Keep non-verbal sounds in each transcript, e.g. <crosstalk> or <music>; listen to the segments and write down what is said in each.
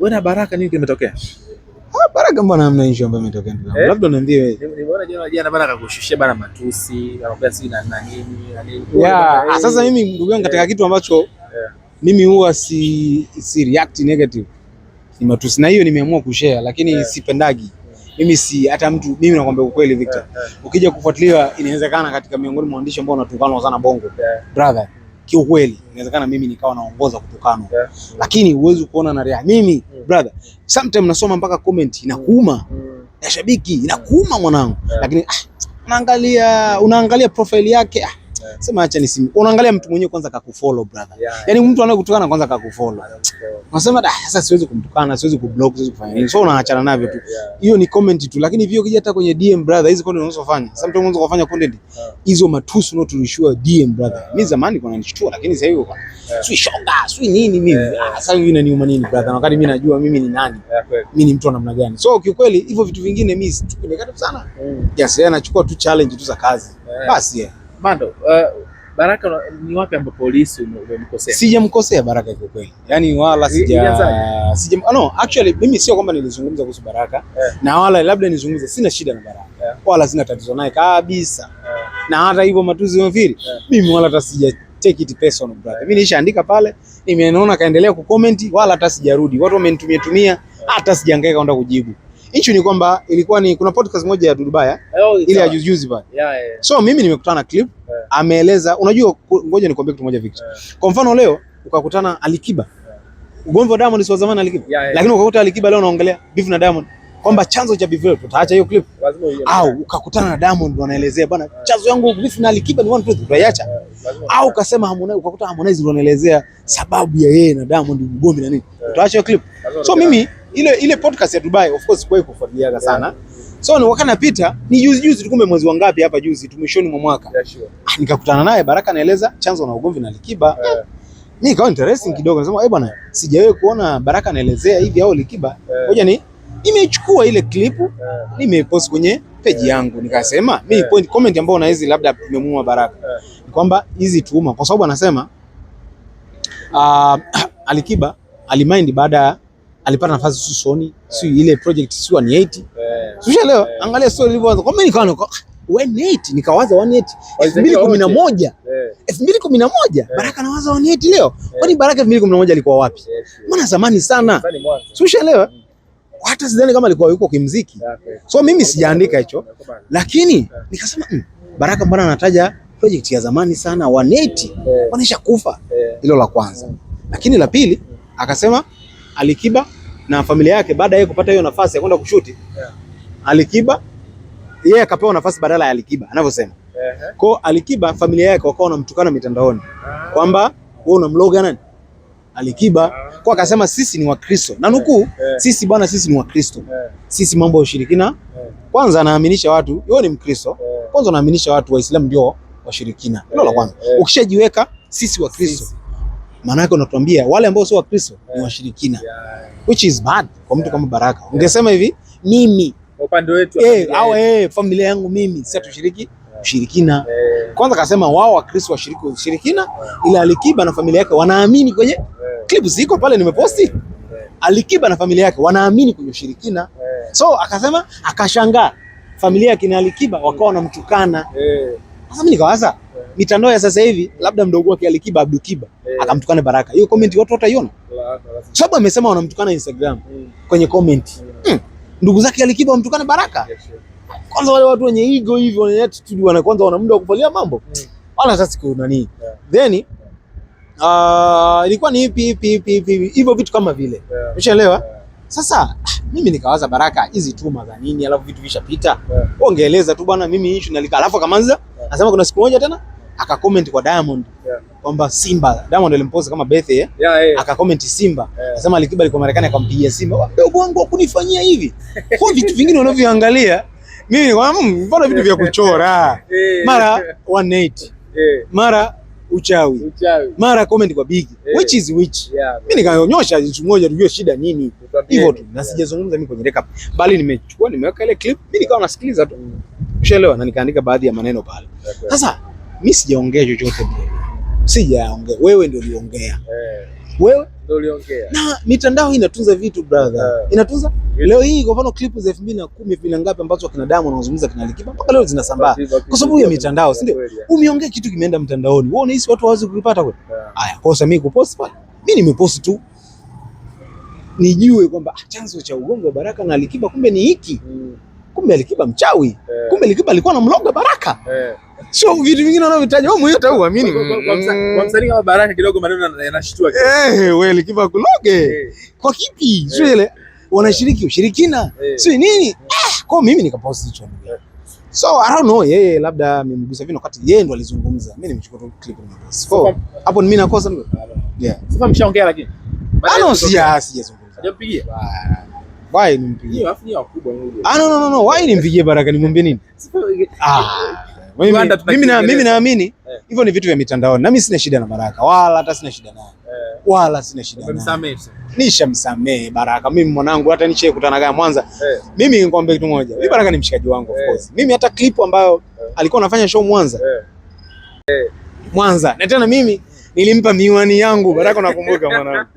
Wewe na Baraka nini kimetokea? Ah, Baraka mbona hamna issue ambayo imetokea ndugu yangu. Eh? Labda unaniambia wewe. Nimeona jana jana Baraka kushushia bana matusi, anakuwa si na nini na nini. Yeah, sasa eh. mimi ndugu yangu katika eh. kitu ambacho eh. Mimi huwa si si react negative. Ni matusi na hiyo nimeamua kushare lakini yeah. Sipendagi. Mimi si hata mtu mimi nakwambia ukweli Victor. Yeah, yeah. Ukija kufuatilia inawezekana katika miongoni mwa waandishi ambao wanatukanwa sana Bongo. Yeah. Brother kiukweli inawezekana mimi nikawa naongoza kutokana yeah. Lakini huwezi kuona na rea mimi yeah. Mm. brother sometimes nasoma mpaka comment inakuuma mm. ya shabiki inakuuma mwanangu yeah. Lakini ah, unaangalia unaangalia profile yake ah, yeah. Sema acha nisimu. Unaangalia mtu mwenyewe kwanza kakufollow brother. Yeah, yaani mtu anayekutukana kwanza kakufollow. Unasema da, ah, sasa siwezi kumtukana, siwezi kublock, siwezi kufanya nini. So unaachana navyo tu. Hiyo ni comment tu, lakini hiyo kija hata kwenye DM brother, hizi content unazofanya. mtu mwanzo kufanya content hizo matusi unaotulishiwa DM brother. Mimi zamani kwa nishtua, lakini sasa hivi kwa swi shoga, swi nini mimi. Ah, sasa hivi inaniuma nini brother? Wakati mimi najua mimi ni nani. Mimi ni mtu wa namna gani. So kiukweli hivyo vitu vingine mimi situkane sana. Mm. Yes, yeye anachukua tu challenge tu za kazi. Basi. Mando, uh, Baraka ni wapi ambapo polisi umemkosea? Sijamkosea Baraka kwa kweli. Yaani wala sija sija no, actually mimi sio kwamba nilizungumza kuhusu Baraka yeah. Na wala labda nizungumze, sina shida na Baraka yeah. Wala sina tatizo naye kabisa yeah. Na hata hivyo matuzi mfiri yeah. Mimi wala hata sija take it personal brother. Mimi nishaandika pale, nimeona kaendelea kucomment wala hata sijarudi. Watu wamenitumia tumia eh. hata sijaangaika kwenda kujibu. Issue ni kwamba ilikuwa ni kuna podcast moja ya Dudubaya oh, ile ya juzi juzi pale. Yeah, yeah. So mimi nimekutana na clip yeah. Ameeleza, unajua, ngoja nikwambie kitu moja Victor. Yeah. Kwa mfano leo ukakutana Alikiba. Yeah. Ugomvi wa Diamond si wa zamani Alikiba. Yeah, yeah. Lakini ukakuta Alikiba leo anaongelea beef na Diamond kwamba chanzo cha beef letu, utaacha hiyo clip au ukakutana na Diamond anaelezea bwana, yeah. chanzo yangu beef na Alikiba ni one truth, two, Yeah. au ukasema Harmonize, ukakuta Harmonize anaelezea sababu ya yeye na Diamond ugomvi na nini, Yeah. utaacha hiyo clip. So mimi ile ile podcast ya Dubai of course kwa kufuatiliaga sana yeah. So ni wakati napita ni juzi juzi, tukumbe mwezi wa ngapi hapa juzi tu mwishoni mwa mwaka yeah, sure. Ah, nikakutana naye Baraka anaeleza chanzo na ugomvi na Likiba yeah. Ni ikawa interesting yeah. kidogo nasema eh bwana, sijawahi kuona Baraka anaelezea hivi au Likiba yeah. yeah. ni nimechukua ile clip yeah. nimepost kwenye page yeah. yangu nikasema yeah. mimi point comment ambayo na hizi labda tumemua Baraka yeah. kwamba hizi tuuma, kwa sababu anasema uh, <clears throat> Alikiba alimind baada ya alipata nafasi Susoni, eh. si ile project si 180 yeah. yeah. Angalia story ilivyoanza kwa mimi nikaona ah, 180 nikawaza 180 2011 yeah. 2011 yeah. Baraka nawaza 180 leo, yeah. kwani Baraka 2011 alikuwa wapi? yeah. Maana zamani sana, si ushaelewa? Mm. Hata sidhani kama alikuwa yuko kimziki, so mimi sijaandika hicho, yeah. lakini yeah. nikasema mm, Baraka mbona anataja project ya zamani sana 180, yeah. wanaisha kufa. Eh. Hilo yeah. la kwanza, yeah. Mm. lakini la pili akasema Alikiba na familia yake baada ya kupata hiyo nafasi ya kwenda kushuti yeah. Alikiba yeye yeah, akapewa nafasi badala ya Alikiba anavyosema -huh. Kwa Alikiba familia yake wakawa wanamtukana mitandaoni -huh. Ah. Kwamba wewe unamloga nani Alikiba -huh. Ah. Kwa akasema sisi ni Wakristo na nukuu -huh. Eh. Eh. Sisi bwana, sisi ni Wakristo -huh. Eh. Sisi mambo ya ushirikina -huh. Kwanza anaaminisha watu yeye ni Mkristo -huh. Kwanza anaaminisha watu Waislamu ndio washirikina hilo yeah. La kwanza -huh. Ukishajiweka sisi Wakristo maana yake unatuambia wale ambao sio Wakristo eh. yeah. ni washirikina yeah. which is bad kwa mtu yeah. kama Baraka yeah. ungesema hivi mimi upande wetu eh, au eh, familia yangu mimi yeah. si tushiriki ushirikina yeah. Kwanza kasema wao Wakristo washiriki ushirikina yeah. ila Alikiba na familia yake wanaamini kwenye yeah. ziko pale nimeposti yeah. Alikiba na familia yake wanaamini kwenye ushirikina yeah. so akasema akashangaa familia ya kina Alikiba wakawa wanamtukana yeah. Sasa mimi nikawaza mitandao ya sasa hivi, labda mdogo wake Alikiba Abdukiba yeah. akamtukana Baraka, hiyo comment watu wataiona, sababu amesema wanamtukana Instagram mm. kwenye comment yeah. mm. ndugu zake Alikiba wamtukana Baraka yeah, sure. Kwanza wale watu wenye ego hivi wenye attitude wana kwanza wana muda wa kufalia mambo mm. wala sasa kuna nini yeah. then ilikuwa uh, ni ipi ipi ipi hivyo vitu kama vile yeah. umeshaelewa yeah. Sasa mimi nikawaza Baraka, hizi tuma za nini? Alafu vitu vishapita, yeah. Ongeeleza tu bwana, mimi issue nalika. Alafu akamanza yeah. Anasema kuna siku moja tena aka comment kwa Diamond yeah. kwamba Simba Diamond alimpoza kama birthday eh? yeah, yeah. aka comment Simba anasema yeah. Alikiba alikuwa Marekani akampigia Simba, wewe bongo kunifanyia hivi kwa vitu vingine unavyoangalia mimi hmm, mbona vitu vya kuchora <laughs> mara 180 mara uchawi, uchawi. Mara comment kwa bigi hey. Eh. Which is which yeah, mimi nikanyonyosha jicho moja tujue shida nini hivyo tu, na sijazungumza mimi kwenye recap, bali nimechukua nimeweka ile clip mimi nikawa nasikiliza tu, ushaelewa, na nikaandika baadhi ya maneno pale. Sasa mimi sijaongea chochote, sijaongea, wewe ndio uliongea hey. Eh wewe ndio uliongea. Na mitandao hii inatunza vitu brother. Yeah. Inatunza Yeah. Leo hii kwa mfano clip za 2010 na 2000 ngapi ambazo kina damu wanazungumza kina Alikiba mpaka leo zinasambaa kwa sababu ya mitandao, si ndio? Umeongea kitu kimeenda mtandaoni. Wewe unahisi watu hawawezi kulipata kweli? Haya, kosa mimi kupost pale. Mimi nimepost tu nijue kwamba ah, chanzo cha ugomvi wa Baraka na Alikiba kumbe ni hiki. Mm. Kumbe Alikiba mchawi. Kumbe Alikiba alikuwa anamloga Baraka. Yeah. Sio vitu vingine wanavyotaja wewe mwenyewe utaamini. Kwa msanii kama Baraka kidogo maneno yanashtua. Eh, wewe likiva kuloge. Eh. Kwa kipi? Sio eh. ile wanashiriki ushirikina. Eh. Sio nini? Ah, kwa mimi nikapost hicho. So I don't know, yeye labda amemgusa vino kati yeye ndo alizungumza. Mimi nimechukua tu clip na bas. So hapo mimi nakosa. Yeah. Sasa mshaongea lakini. Ah, si ah, si ya ya zungumza. Hajampigia. Why nimpigie? Ni wakubwa. Ah no no no, why nimpigie Baraka nimwambie nini? Ah mimi naamini eh. hivyo ni vitu vya mitandao na mimi sina shida na Baraka wala hata sina shida naye eh. wala sina shida naye, nishamsamehe Baraka. Mimi mwanangu, hata niche kutana naye Mwanza, eh. mimi ningekuambia kitu moja, mimi Baraka ni mshikaji wangu of course. Mimi hata clip ambayo alikuwa anafanya show Mwanza Mwanza, na tena mimi nilimpa miwani yangu Baraka, nakumbuka mwanangu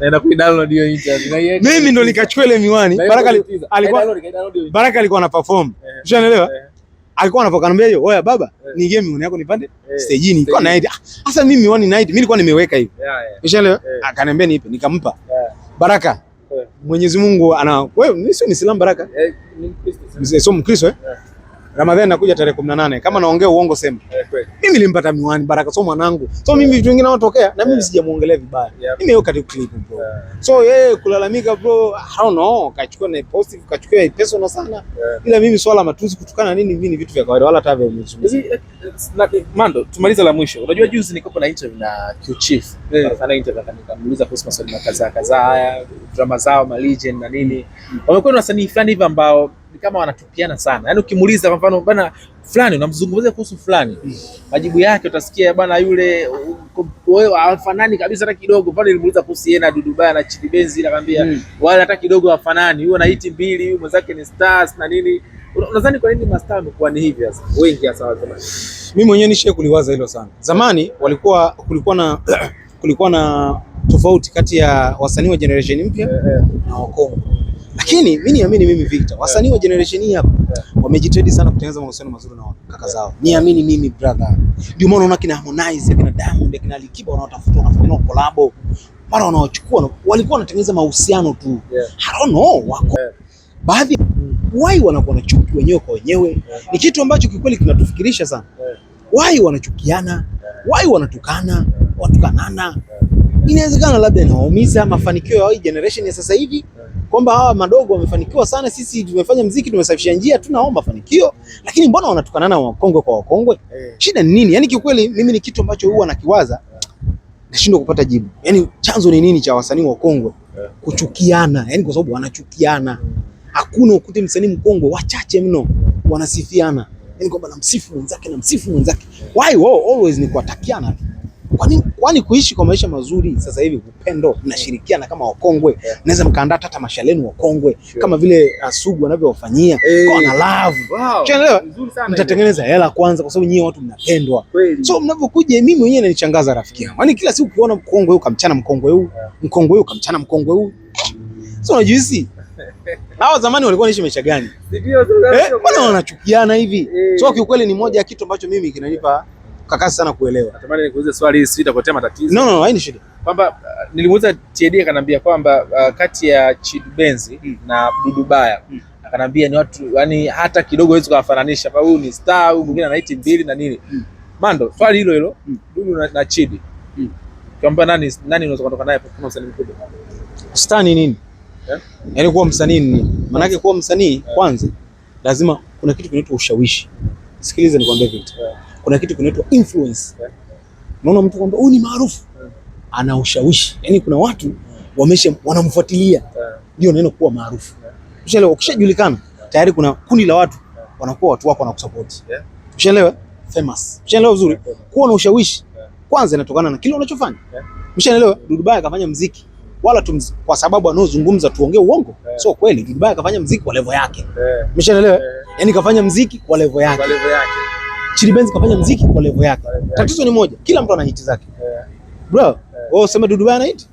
Naenda hiyo mimi ndo nikachukua ile miwani Baraka alikuwa, Baraka alikuwa anaperform. perform, unaelewa alikuwa anapokanambia hiyo, oya baba, eh. ni game uniako nipande eh. eh. stage ni kwa night. Sasa mimi miwani night mimi nilikuwa nimeweka hivi, umeshaelewa? Akaniambia nipe, nikampa Baraka. Mwenyezi Mungu ana wewe, ni sio Muislamu Baraka, sio Mkristo eh Ramadhani nakuja tarehe 18. Kama naongea uongo sema. Eh, mimi nilimpata miwani Baraka so mwanangu. So mimi vitu vingine natokea na mimi sijamuongelea vibaya. Mimi yuko katika clip bro. So yeye kulalamika bro, I don't know, kachukua na positive, kachukua na personal sana. Ila mimi swala matusi kutukana nini mimi ni vitu vya kawaida wala hata vya umezungumza. Eh, eh, Mando, tumaliza la mwisho. Unajua juzi niko na interview na Q Chief. Sana interview nikamuuliza kuhusu maswali kadhaa kaza haya, drama zao, ma legend na nini. Mm. Wamekuwa na wasanii fulani hivi ambao ni kama wanatupiana sana. Yaani ukimuuliza kwa mfano bana fulani unamzungumzia kuhusu fulani, hmm. majibu yake utasikia bana yule wewe hafanani kabisa hata kidogo. Pale nilimuuliza kuhusu yeye na Dudu Baya na Chidi Benzi nakwambia mm. wala hata kidogo hafanani. Yule ana hiti mbili, yule mwenzake ni stars na nini. Unadhani kwa nini mastaa wamekuwa ni hivi sasa? Wengi hasa wa zamani. Mimi mwenyewe nishe kuliwaza hilo sana. Zamani walikuwa kulikuwa na <clears throat> kulikuwa na tofauti kati ya wasanii wa generation mpya yeah, yeah. na wakongwe lakini mimi niamini mimi Victor, wasanii wa generation hii hapa wamejitahidi sana kutengeneza mahusiano mazuri na kaka zao. Niamini mimi brother. Ndio maana unaona kina Harmonize, kina Diamond, kina Alikiba wanaotafuta na kufanya collab. Mara wanaochukua walikuwa wanatengeneza mahusiano tu. I don't know wako. Baadhi mm. wai wanakuwa na chuki wenyewe kwa wenyewe. Ni kitu ambacho kikweli kinatufikirisha sana. Wai wanachukiana, wai wanatukana, watukanana. Inawezekana labda inawaumiza mafanikio ya hii generation ya sasa hivi. yeah kwamba hawa madogo wamefanikiwa sana, sisi tumefanya mziki, tumesafisha njia, tunaomba mafanikio, lakini mbona wanatukanana wakongwe kwa wakongwe? Eh. Shida ni nini? Yani kiukweli mimi ni kitu ambacho huwa nakiwaza nashindwa kupata jibu. Yani chanzo ni nini cha wasanii wakongwe eh. kuchukiana? Yani kwa sababu wanachukiana, hakuna ukute msanii mkongwe, wachache mno wanasifiana, yani kwamba namsifu mwenzake, namsifu mwenzake. Why? Wao always ni kuwatakiana. Kwani kwani kuishi kwa maisha mazuri sasa hivi upendo, mnashirikiana kama wakongwe, eh. naweza mkaandaa hata tamasha lenu wakongwe sure. kama vile asugu uh, wanavyowafanyia hey. Eh. kwa na love wow. mtatengeneza hela kwanza, kwa sababu nyie watu mnapendwa Kweli. so mnavyokuja, mimi mwenyewe inanichangaza rafiki yangu, yaani kila siku ukiona mkongwe huyu kamchana mkongwe huyu yeah. mkongwe huyu kamchana mkongwe huyu so unajihisi <laughs> hawa zamani walikuwa wanaishi maisha gani? Eh, mbona eh, wanachukiana hivi? so kiukweli ni moja ya kitu ambacho mimi kinanipa kakasi sana kuelewa. Natamani nikuulize swali hili, sitakuletea matatizo. No, no, no, haina shida. Kwamba uh, nilimuuliza TD akanambia kwamba uh, kati ya Chidu Benz mm. na Dudubaya mm. akanambia ni watu yani hata kidogo hawezi kuwafananisha. kwa huyu ni star, huyu mwingine ana hiti mbili na nini mm. Mando, swali hilo hilo mm. Dudu na, na Chidi mm. kwamba nani nani unaweza kutoka naye kwa kuna msanii mkubwa? Star ni nini? Yeah. Yaani kuwa msanii ni nini? Maana kuwa msanii yeah. Kwanza lazima kuna kitu kinaitwa ushawishi. Sikiliza nikwambie kitu yeah kuna kitu kinaitwa influence. Unaona mtu kwamba huyu ni maarufu, ana ushawishi, yani kuna watu wamesha wanamfuatilia, ndio neno kuwa maarufu. Ushaelewa? Ukishajulikana tayari kuna kundi la watu wanakuwa watu wako wanakusupport. Ushaelewa? Famous. Ushaelewa vizuri? Kuwa na ushawishi kwanza inatokana na kile unachofanya. Mshaelewa? Dudu akafanya muziki wala tu kwa sababu anaozungumza tuongee uongo yeah. So kweli Dudu kafanya mziki kwa level yake yeah. Mshaelewa? Yeah. Yani kafanya mziki kwa level yake. Kwa level yake. Chili Benz kafanya mziki kwa level yake. Tatizo ni moja, kila mtu ana hiti zake. Bro, wewe useme Dudu Baya ana hiti?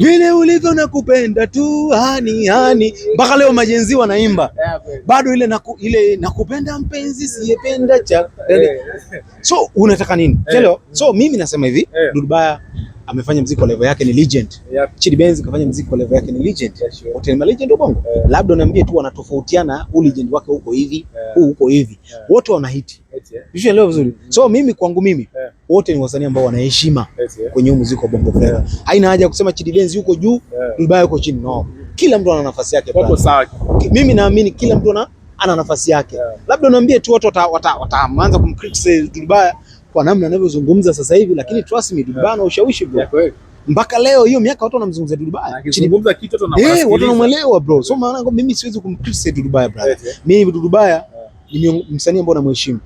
Vile ulivyo nakupenda tu hani hani, mpaka leo majenzi wanaimba bado ile naku, ile nakupenda mpenzi siyependa cha. Yaani, so unataka nini? Hello. So mimi nasema hivi Dudu Baya amefanya mziki kwa level yake ni legend. Yep. Chidi Benz kafanya mziki kwa level yake ni legend. Yeah, sure. Wote ni legend ubongo. Yeah. Labda niambie tu wanatofautiana, huu legend wake huko hivi, yeah. huu huko hivi. Yeah. Wote wana hit. Leo vizuri. Mm -hmm. So mimi kwangu mimi yeah. wote ni wasanii ambao wanaheshima kwenye muziki wa Bongo Flava. Haina haja kusema Chidi Benz yuko juu, yeah. Rubaya yuko chini. No. Mm -hmm. Kila mtu ana nafasi yake. Wako sawa. Mimi naamini kila mtu ana nafasi yake. Yeah. Labda niambie tu watu wataanza kumcriticize Yeah kwa namna anavyozungumza sasa hivi, lakini trust me, Dudu Baya na ushawishi bro. Mpaka leo hiyo miaka watu wanamzungumzia Dudu Baya. Akizungumza kitu eh, watu wanasikiliza. Eh, watu wanamuelewa bro. So maana mimi siwezi kumcriticize Dudu brother. Mimi Dudu Baya ni msanii ambaye namheshimu.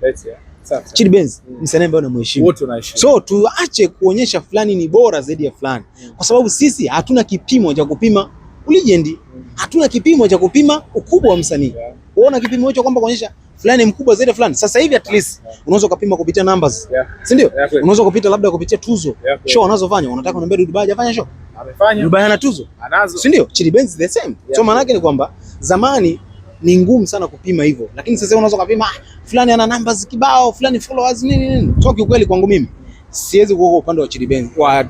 Chidi Benz msanii ambaye namheshimu. Wote wanaheshimu. So tuache kuonyesha fulani ni bora zaidi ya fulani mm. kwa sababu sisi hatuna kipimo cha kupima legend. Mm. Hatuna kipimo cha kupima ukubwa wa msanii. Unaona kipimo hicho kwamba kuonyesha fulani mkubwa zaidi fulani. Sasa hivi at least yeah. unaweza kupima kupitia numbers, yeah. si ndio? yeah, Unaweza kupita labda kupitia tuzo, yeah, show anazofanya. Unataka uniambie Dudu Baya hajafanya show? Amefanya. Dudu Baya ana tuzo, anazo, si ndio? Chidi Benz the same. yeah. So maana yake ni kwamba zamani ni ngumu sana kupima hivyo, lakini sasa unaweza kupima ah, fulani ana numbers kibao, fulani followers nini nini. Toki ukweli kwangu mimi siwezi kuoka upande wa Chidi Benz wa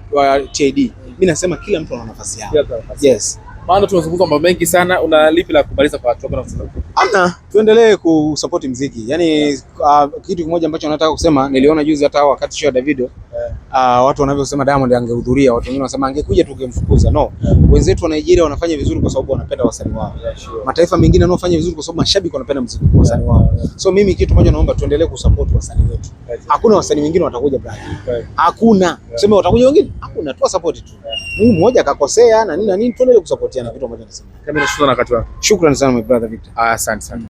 TID. Mimi nasema kila mtu ana nafasi yake. Yes maana tumezungumza mambo mengi sana. Una lipi la kumaliza kwa watu wako? Hamna, tuendelee kusupport muziki. Yaani uh, kitu kimoja ambacho nataka kusema, yeah. niliona juzi hata wakati show ya Davido uh, watu wanavyosema Diamond angehudhuria, watu wengine wanasema angekuja tu tungemfukuza. No, yeah. wenzetu wa Nigeria wanafanya vizuri kwa sababu wanapenda wasanii wao. yeah, sure. Mataifa mengine wanaofanya vizuri kwa sababu mashabiki wanapenda muziki wa wasanii wao. yeah. So mimi kitu kimoja naomba tuendelee kusupport wasanii wetu. Hakuna wasanii wengine watakuja brother. Hakuna. yeah. Sema watakuja wengine? Hakuna, tu support tu. yeah mimi mmoja akakosea na nini na nini, tuendelee kusupportiana vitu ambavyo anasema. tunasema. Shukrani sana my brother Victor. Ah, Asante sana.